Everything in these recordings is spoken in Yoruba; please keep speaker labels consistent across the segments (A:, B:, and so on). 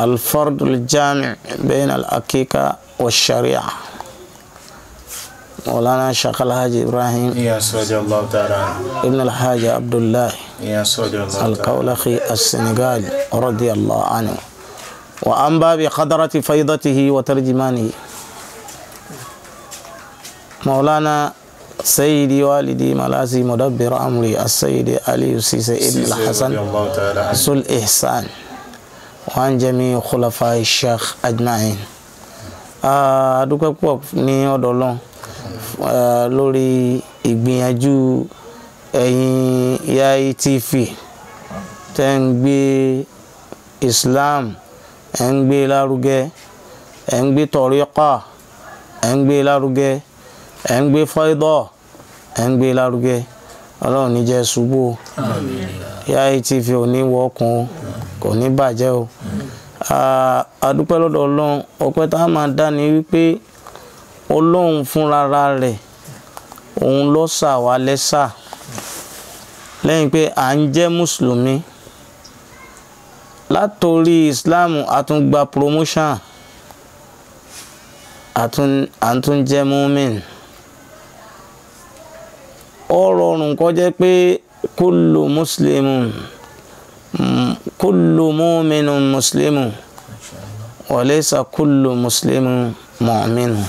A: الفرد الجامع بين الأكيكة والشريعة مولانا شيخ الحاج إبراهيم يا سوج الله تعالى ابن الحاج عبد الله يا سوج الله تعالى القولخي السنغالي رضي الله عنه وأنبى بقدرة فيضته وترجمانه مولانا سيدي والدي ملازي مدبر أمري السيد علي السيسي ابن الحسن سل إحسان وعن جميع خلفاء الشيخ أجمعين adúpẹ́ púpọ̀ ní ọ̀dọ̀ ọlọ́run lórí ìgbìyànjú ẹ̀yin Yayi TV tẹ́ ń gbé Islam ẹ̀ ń gbé lárugẹ ẹ̀ ń gbé tọ̀ríkà ẹ̀ ń gbé lárugẹ ẹ̀ ń gbé fáídà ẹ̀ ń gbé lárugẹ ọlọ́run ní ṣubú Yayi TV ò ní wọ́ọ̀kùn o kò ní bàjẹ́ o àdúpẹ́ lọ́dọ̀ ọlọ́run ọpẹ́ tá a máa dá ni wípé ọlọ́run fúnra rẹ̀ òun ló ṣà wá lẹ́ṣà lẹ́yìn pé à ń jẹ́ mùsùlùmí látòrí islam àtúngba promotion àtúnjẹ́ mumin ó rọrùn kó jẹ́ pé kullu muslimun kullu mu'minun muslimun wa laysa kullu muslimun mu'minun.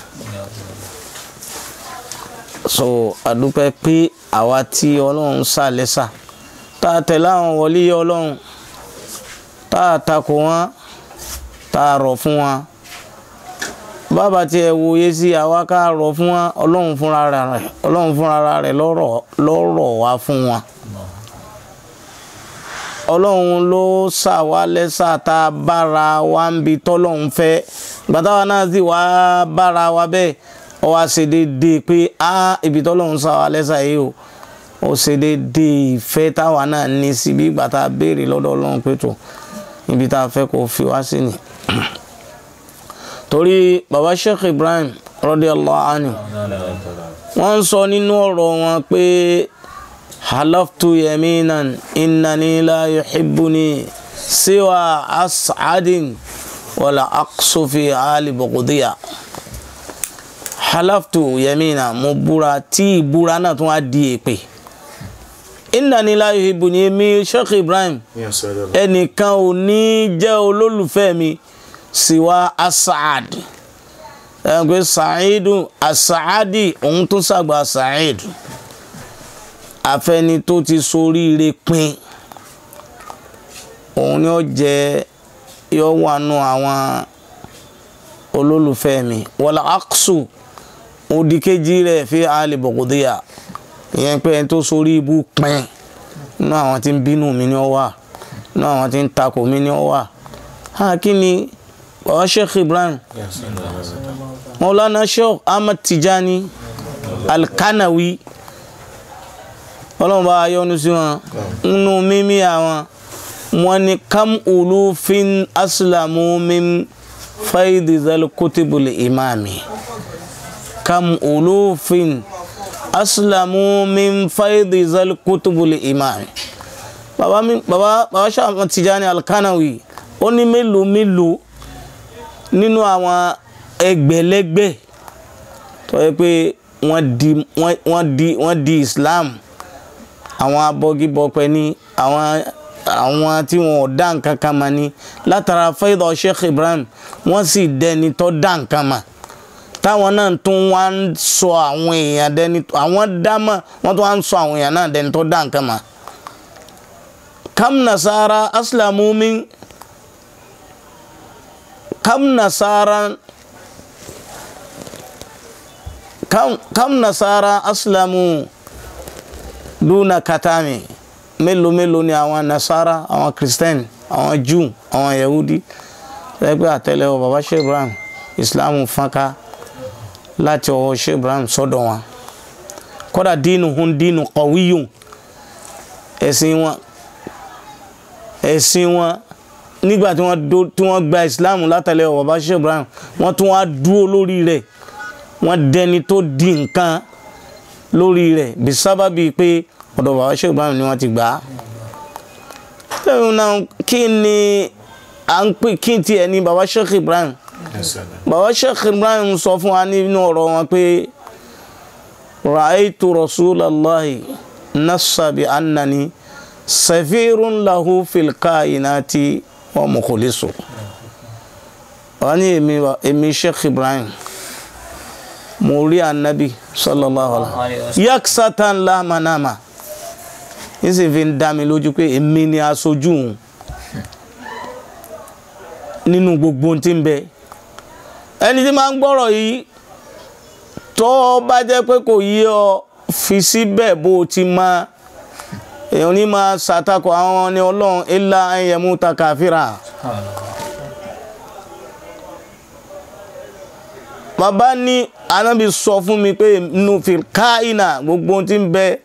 A: so àdúpẹ́ pé àwa tí ọlọ́run sà lẹ́sà tá a tẹ̀lé àwọn wọlé ọlọ́run tá a takò wọn tá a rọ̀ wọn bàbá tí ẹ wòye sí àwa ká rọ̀ fún wọn ọlọ́run fúnra rẹ̀ lọ́rọ̀ wá fún wọn ọlọ́run ló ṣàwálẹ́sà tá a bára wa ń bi tọ́lọ́run fẹ́ gbàtàwa náà sì wá bára wa bẹ́ẹ̀ ọ wá ṣe déédéé pé á ibi tọ́lọ́run ṣàwálẹ́sà yìí o ó ṣe déédéé ìfẹ́ táwa náà ní síbi ìgbà béèrè lọ́dọ̀ ọlọ́run pé tó tá a fẹ́ kó fi wá sí ni. torí baba Sheikh Ibrahim radiyallahu anhu wọ́n ń sọ nínú ọ̀rọ̀ wọn pé. حلفت يمينا إنني لا يحبني سوى as'adin ولا أقص في ali bughdiya حلفت يمينا mo búra tí ìbúra náà tún wá di èpè innani la yuhibbuni mi sheikh ibrahim ẹnìkan ò ní jẹ́ olólùfẹ́ mi siwa as'ad ẹnìkan sa'idun as'adi òun tún sàgbà sa'idun àfẹni tó ti soríire pin òun ni ó jẹ yọ wà àwọn olólùfẹ́ mi wọlé aksu òdìkejì rẹ̀ fi àlè bọ̀gòdìyà ìyẹn pé ẹni tó sorí ibú pin nínú àwọn tí ń bínú mi ni ó wà nínú àwọn tí ń takò mi ni ó wà ha kí ni bàbá Sheikh Ibrahim Maulana Sheikh Ahmad Tijani Alkanawi. Yes, ọlọ́run bá yọ́nú sí wọn nínú mímí àwọn wọn ni kam ulufin aslamu min faidi zalkutubul imami kam ulufin aslamu min faidi zalkutubul imami bàbá mi bàbá bàbá Ṣáà Tìjàní Alkanawi ó ní mélòó mélòó nínú àwọn ẹgbẹ̀lẹ́gbẹ̀ tó yẹ pé wọ́n di wọ́n di wọ́n di Islam àwọn abọ́gibọ̀pẹ ní àwọn àwọn tí wọn ò dá nǹkan kan mà ní látara fẹ́dọ̀ Sheikh Ibrahim wọ́n sì dẹni tó dá nǹkan mà táwọn náà tún wá ń sọ àwọn èèyàn dẹni àwọn dámọ̀ wọ́n tún wá ń sọ àwọn èèyàn náà dẹni tó dá nǹkan mà. kam nasara aslamu min kam nasara kam, kam nasara aslamu Luna katami melo mélòó ni àwọn nasara àwọn christian àwọn jew àwọn yahudi lẹ́gbẹ́ àtẹ́lẹwọ́ baba sheikh ibrahim islam fọ́nká láti ọwọ́ sheikh ibrahim sọ́dọ̀ wọn kódà dínú hun dínú kọ̀wíyùn ẹ̀sìn wọn ẹ̀sìn wọn nígbà tí wọ́n tí wọ́n gba islam látàlẹ́wọ́ baba sheikh ibrahim wọ́n tún wá dúró lórí rẹ̀ wọ́n dẹni tó di nǹkan lórí rẹ̀ bí sábàbí pé ọ̀dọ̀ bàbá Shehu Ibrahim ni wọ́n ti gbà á. lẹ́yìn náà kí ni à ń pè kí tiẹ̀ ni bàbá Shehu Ibrahim bàbá Shehu Ibrahim sọ fún wa nínú ọ̀rọ̀ wọn pé ra'aytu rasulallahi nassa bi annani safirun lahu fil kainati wa mukhlisu wọ́n ní èmi Shehu Ibrahim mo rí anabi sallallahu alaihi wasallam yaksatan lamanama ń sì fi ń dá mi lójú pé èmi ni aṣojú òun nínú gbogbo ohun tí ń bẹ ẹni tí máa ń gbọ́rọ̀ yìí tó bá jẹ́ pé kò yí ọ fi síbẹ̀ bó o ti máa èèyàn ní máa ṣàtakò àwọn ní ọlọ́run ilá ẹ̀yẹ̀mú ta kàfíra. bàbá ní anábì sọ fún mi pé nùfìkáìnà gbogbo ohun tí ń bẹ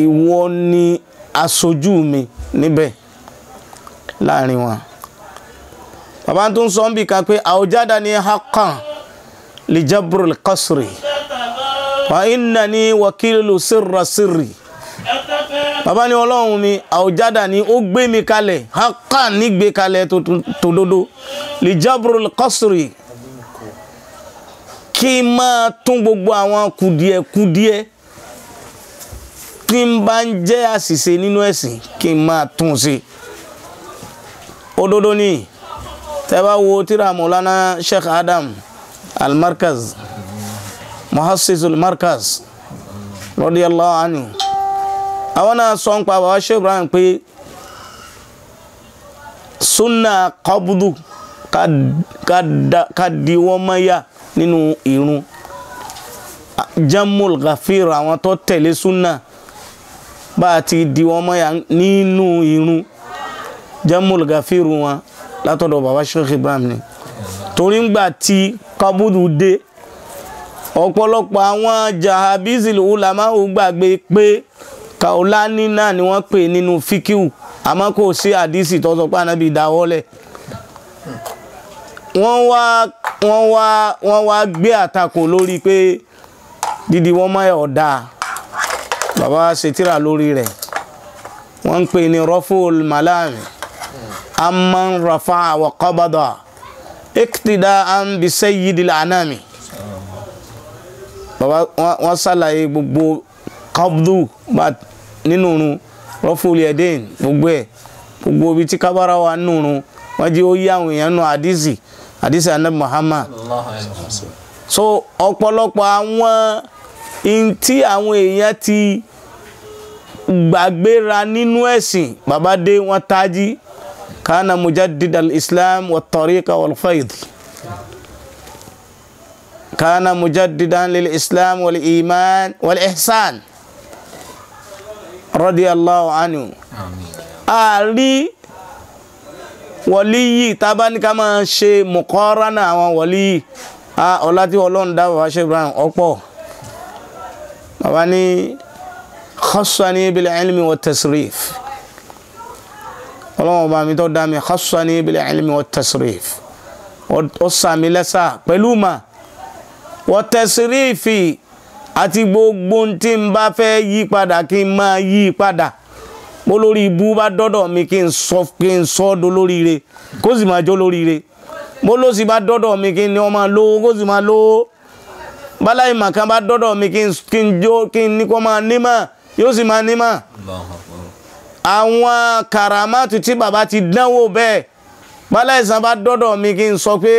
A: ìwọ ni aṣojú mi níbẹ̀ láàrin wọn bàbá tó ń sọ ń bì kan pé àwùjáda ni haqqan li jabril qasri fa innani wakilu sirra sirri bàbá ní ọlọ́run mi àwùjáda ni ó gbé mi kalẹ̀ haqqan nígbé kalẹ̀ tòdodo li jabril qasri kí n máa tún gbogbo àwọn kùdìẹ̀kùdìẹ̀ tí n bá ń jẹ́ àṣìṣe nínú ẹ̀sìn kí n máa tún un ṣe òdodo ni tẹ́ bá wo tírà Maulana Sheikh Adam al-Markaz muhassis al-Markaz àwọn náà sọ ń pa bàbá Sheikh Ibrahim pé sunna qabdu ká di wọ́n mọ́yà nínú irun jamul ghafir àwọn tó tẹ̀lé sunna bá a ti di wọn mọ́ya nínú irun jamul gafiru wọn látọ̀dọ̀ baba Sheikh Ibrahim ni torí ń gbà tí kabudu dé ọ̀pọ̀lọpọ̀ àwọn jahabizil ulama ò gbàgbé pé Kaulani náà ni wọ́n pè nínú fíkíù àmọ́ kò sí àdísì tó sọ pé ànábì dáwọ́lẹ̀ wọ́n wá wọ́n wá wọ́n wá gbé àtakò lórí pé dídi wọ́n mọ́ ẹ̀ ọ̀dà bàbá ṣètìrà lórí rẹ̀ wọ́n ń pè ní rọ́fúl malami amman rafa wa qabada iktidaan bi sayyidil anami bàbá wọ́n ṣàlàyé gbogbo kabdu nínú òrun rọ́fúl yẹ̀dẹ́n gbogbo ẹ̀ gbogbo ibi tí kábàrà wà nínú òrun wọ́n jẹ́ ó yí àwọn èèyàn nù àdìsí àdìsí muhammad so ọ̀pọ̀lọpọ̀ àwọn n tí àwọn èèyàn ti gbàgbéra nínú ẹ̀sìn bàbá dé wọn tají kana mujaddid al-islam wa tariqa wal fayd kana mujaddidan lil islam wal iman wal ihsan radiyallahu anhu àrí wọlí yìí tábà ní ká máa ṣe mọ̀kọ́rá náà àwọn wọlí yìí ọlá tí ọlọ́run dábàá ṣe ibrahim ọ̀pọ̀ bàbá ní khassani bil ilmi wa tasrif ọlọ́wọ́n bá mi tó dá mi khassani bil ilmi wa tasrif ó sàmì lẹ́sà pẹ̀lú mà wa tasrifi àti gbogbo tí n bá fẹ́ yí padà kí n máa yí padà mo lórí ibú bá dọ́dọ̀ mi kí n sọ kí n sọ ọ́ do lóríire kó sì máa jó lóríire mo ló sì bá dọ́dọ̀ mi kí ni ọmọ lówó kó sì máa lówó bala ìmọ̀ kan bá dọ́dọ̀ mi kí n jó kí n ní kó máa nímọ̀ yóò sì máa nímọ̀ àwọn kàràmátù tí bàbá ti dánwò bẹ́ẹ̀ bala ìsàn bá dọ́dọ̀ mi kí n sọ pé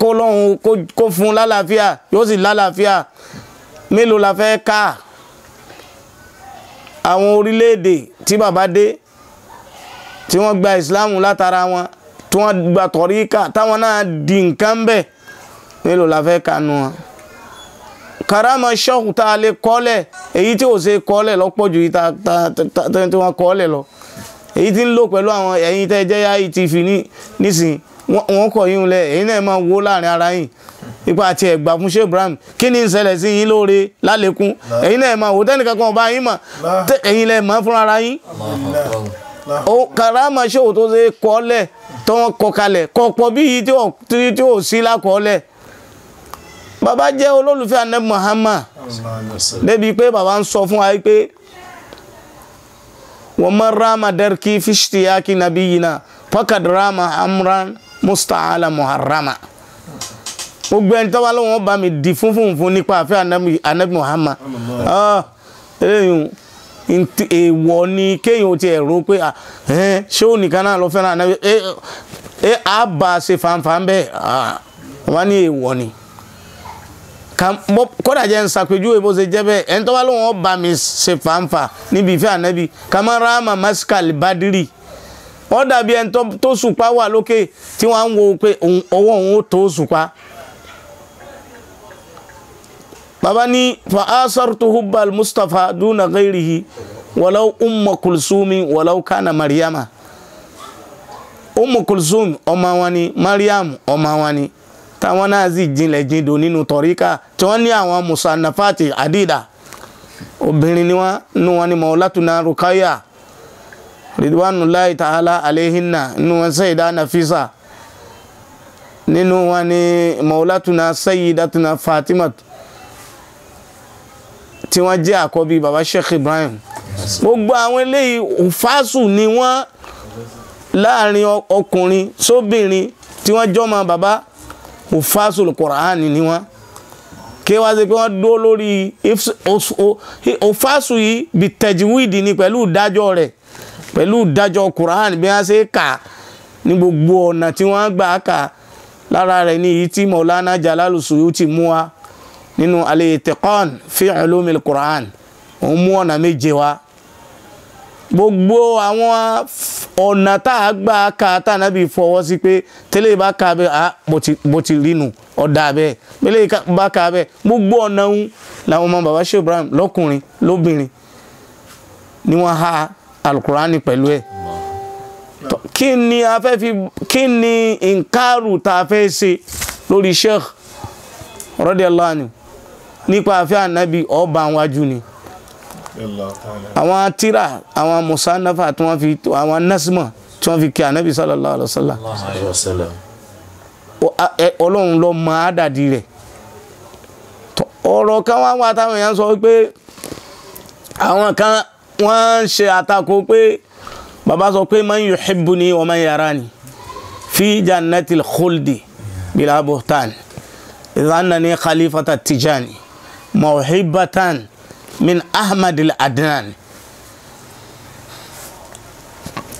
A: kó lọ́hùn kó fún lálàáfíà yóò sì lálàáfíà mélòó la fẹ́ ká àwọn orílẹ̀-èdè tí bàbá dé tí wọ́n gba ìsìláàmù látara wọn tí wọ́n gba tọ̀ríkà táwọn náà di nǹkan bẹ́ẹ̀ mélòó la fẹ́ kanu wọn karama ṣọ́ọ̀kù tá a lè kọ́lẹ̀ èyí tí ò ṣe kọ́lẹ̀ lọ́pọ̀ ju ìta tí wọ́n kọ́lẹ̀ lọ èyí tí ń lò pẹ̀lú àwọn ẹ̀yin tẹ́ jẹ́ yáyì ti fi nísìn wọ́n kọ̀ yín lẹ̀ èyí náà máa wó láàrin ara yín ipa àti ẹ̀gbà fún ṣé Ibrahim kí ni ń ṣẹlẹ̀ sí yín lóore lálékún èyí náà máa wò tẹ́nìkan ọba yín mà ẹ̀yin lẹ̀ mọ́ fúnra ara yín karama ṣòwò tó ṣe kọ́lẹ̀ tó wọ́n kọ kalẹ̀ kọ̀ọ̀pọ̀ bí yìí tí ò sí lákọ̀ọ́lẹ̀ bàbá jẹ́ olólùfẹ́ Ànábì Muhammad débi pé bàbá ń sọ fún wa pé wa man rama darki fi ishtiyaki nabiyina faqad rama amran musta'ala muharrama gbogbo ẹni tó bá lọ́wọ́ bá mi di fúnfún fún nípa àfẹ́ Ànábì Muhammad ah, eléyìí èèwọ̀ ni kéèyàn ti ẹ̀rọ pé ah, ṣé òun nìkan náà lọ fẹ́ràn Ànábì ẹ eh, àbá eh, ṣe fàǹfà bẹ́ẹ̀ ah, wọ́n ní èèwọ̀ ni kódà jẹ́ ń ṣàpèjúwe bó ṣe jẹ́ bẹ́ẹ̀ ẹni tó bá lóun ọba mi ṣe fàǹfà níbi ìfẹ́ ànábì kamarama maskal badiri ó dàbí ẹni tó sùpá wà lókè tí wọ́n á ń wo pé ọwọ́ òun ó tó sùpá. bàbá ní fa asartu hubbal mustapha duna ghairihi walau umma kulsumi walau kana mariama umma kulsum ọmọ wọn mariam ọmọ wọn táwọn náà sì jinlẹ̀ jindò nínú tọ̀ríkà tí wọ́n ní àwọn musanafati adida obìnrin ni wọ́n nú wọn ni mọ̀ọ́látúná rukaya ridwanullahi ta'ala alayhinna nínú wọn sayyida nafisa nínú wọn ni mọ̀ọ́látúná sayyidatuna fatima tí wọ́n jẹ́ àkọ́bí baba sheikh ibrahim gbogbo àwọn eléyìí òfásù ni wọ́n láàrin ọkùnrin sóbìnrin tí wọ́n jọ́ mọ́ baba òfásul Qur'an ni wọ́n kí wá sí pé wọ́n dúró lórí òfásu yìí bí tẹ̀jìwìdì ni pẹ̀lú ìdájọ́ rẹ̀ pẹ̀lú ìdájọ́ Qur'an bí wọ́n ṣe kà ní gbogbo ọ̀nà tí wọ́n gbà kà lára rẹ̀ ní èyí tí Maulana Jalalu Suyuti mú wa nínú al fi ulumil Qur'an òun mú ọ̀nà méje wa gbogbo àwọn ọ̀nà tá a gbà ká tànàbí fọwọ́ sí pé tẹ́lẹ̀ bá ká bẹ́ẹ̀ ah mo ti rínu ọ̀dà bẹ́ẹ̀ tẹ́lẹ̀ bá ká bẹ́ẹ̀ gbogbo ọ̀nà ń làwọn ọmọ bàbá Shehu Ibrahim lọ́kùnrin lóbìnrin ni wọ́n ha alukurani pẹ̀lú ẹ̀ kí ni a fẹ́ fi kí ni nkárù tá a fẹ́ ṣe lórí Sheikh radiyallahu anhu nípa àfẹ́ ànábì ọba àwọn ni àwọn tíra àwọn musannafa tí wọ́n fi àwọn nasima tí wọ́n fi kí anabi sallallahu alayhi wa sallam ọlọ́run ló mọ àdàdì rẹ̀ ọ̀rọ̀ kan wá wá táwọn èèyàn sọ pé àwọn kan wọ́n ń ṣe àtakò pé bàbá sọ pé man yuhibbuni wa man yarani fi jannatil khuldi bila buhtan idhanna ni khalifata tijani mawhibatan min ahmad al-adnan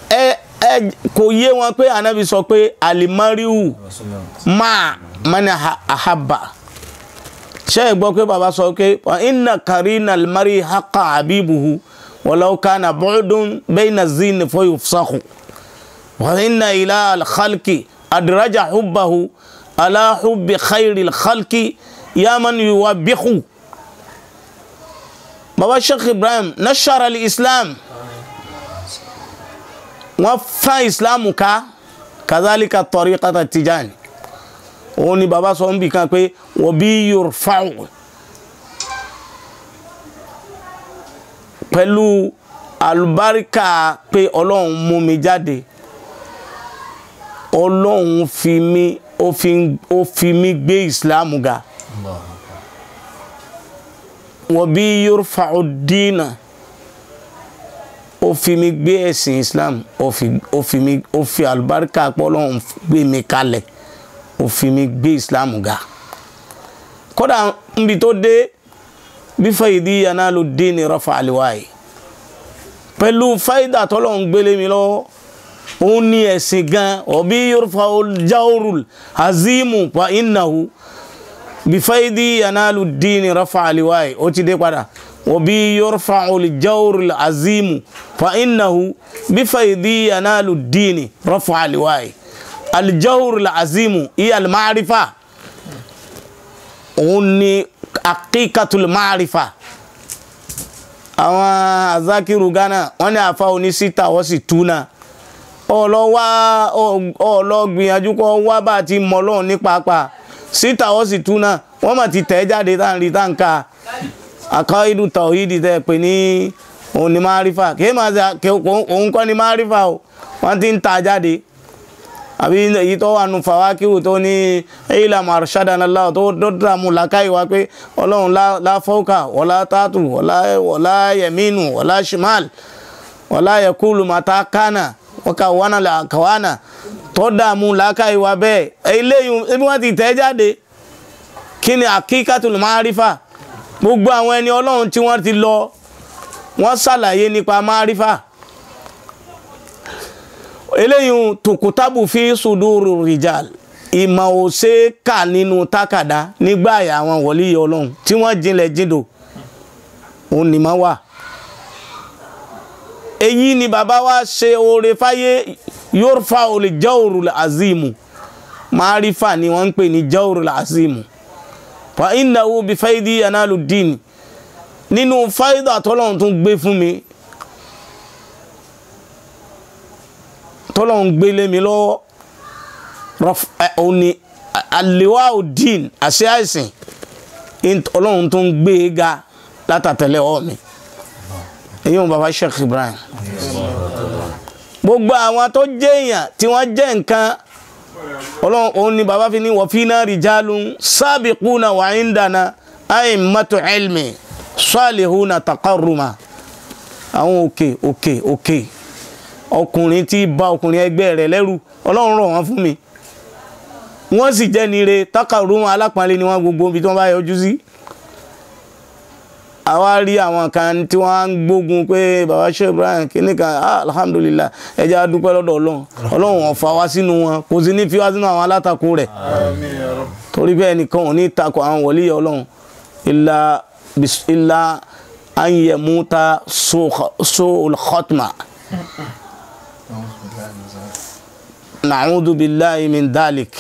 A: ẹ ẹ kò yé wọn pé anabi sọ pé alimariu máa mani ahaba ṣe é gbọ́ pé bàbá sọ pé inna karina alimari haka abibuhu walau kana bu'dun bayna zin fa yufsakhu wa inna ila adraja hubbahu ala hubbi khayri al-khalqi ya baba sheikh ibrahim nashara li islam wọ́n fẹ́ islam ká kazalika tariqata tijani òun ni baba sọ ń bì kan pé wọ́n bí yorùfáwò pẹ̀lú àlùbáríkà pé ọlọ́run mú mi jáde ọlọ́run fi mí ó fi mí gbé islam ga. Allah wọ́n bí yorùfàù dínà ó fi mi gbé ẹ̀sìn islam ó fi mi ó fi àlùbáríkà pọ́lọ́hún gbé mi kalẹ̀ ó fi mi gbé islam ga kódà níbi tó dé bí fàyídí yanáàlú dínì rọ́fà àlùwáyé pẹ̀lú fáyidà tọ́lọ́hún gbélé mi lọ́wọ́ òun ní ẹ̀sìn gan ọ̀bí yorùfàù jáwórùl azimu wa innahu bifaidi yanalu dini rafa aliwai ó ti dé padà wabi yorfa olijawur azimu fa innahu bifaidi yanalu dini rafa aliwai alijawur azimu iya almarifa òun ni akíkatul marifa àwọn azakiru ghana wọn ní àfa onísítà wọn sì túnà ọlọ wá ọlọ gbìyànjú kọ wá bá ti mọ ní pàápàá síta ó sì tú náà wọ́n mà ti tẹ̀ jáde tá n rí tá n ka àkọ́ ìlú tọ̀hídì tẹ́ pé ní òun ni márífà kí máa ṣe òun kọ́ ni márífà o wọ́n ti ń ta jáde àbí èyí tó wà nù fàwákìwò tó ní ilà marṣadàlá tó dọ́dà mú làkàyè wá pé ọlọ́run láfọ́ọ̀kà wọlá tààtù wọlá yẹmínú wọlá shimal wọlá yẹkúlù màtá kánà wọ́n wánà làkàwánà tó dààmú làákàyè wa bẹ́ẹ̀ eléyìí ebi wọ́n ti tẹ̀ jáde kí ni àkíkàtúlù márífà gbogbo àwọn ẹni ọlọ́run tí wọ́n ti lọ wọ́n ṣàlàyé nípa márífà eléyìí tòkútàbù fi sùdúrù rìjàl ìmọ̀ ò ṣe é kà nínú tákàdá nígbà àyà àwọn wọ̀líyẹ ọlọ́run tí wọ́n jinlẹ̀ jindò òun nìmọ̀ wà èyí ni bàbá wa ṣe oore fáyé yorùfà olè jáwòrò azimu márífà ni wọ́n ń pè ní jáwòrò azimu fa innahu bí fáìdì analudin nínú fáìdà tọ́lọ́run tún gbé fún mi tọ́lọ́run gbé lé mi lọ́wọ́ òní àlewà òdìn àṣẹ àìsìn ọlọ́run tó gbé e ga látàtẹ̀lẹ́ ọ̀ mi èyí wọn bàbá Sheikh Ibrahim gbogbo àwọn tó jẹ́ èèyàn tí wọ́n jẹ́ nǹkan ọlọ́run òun ni bàbá fi ní wọ́n fi náà rijalun sabiquna wa indana a'immatu ilmi salihuna taqarruma àwọn òkè òkè òkè ọkùnrin tí bá ọkùnrin ẹgbẹ́ rẹ̀ lẹ́rù ọlọ́run rọ̀ wọ́n fún mi wọ́n sì jẹ́ nire taqarruma alápọ̀nlé ni wọ́n gbogbo ibi tí wọ́n bá yọjú sí àwa rí àwọn kan tí wọ́n ń gbógun pé baba Sheikh Ibrahim kíní kan ah, alhamdulillah ẹ jẹ́ a dúpẹ́ lọ́dọ̀ ọlọ́run ọlọ́run wọn fa wá sínú wọn kò sí ní fi wá sínú àwọn alátakò rẹ̀ torí bẹ́ẹ̀ nìkan ò ní takò àwọn wòlíì ọlọ́run illa illa an yamuta su'ul khatma. na'udhu min dhalik.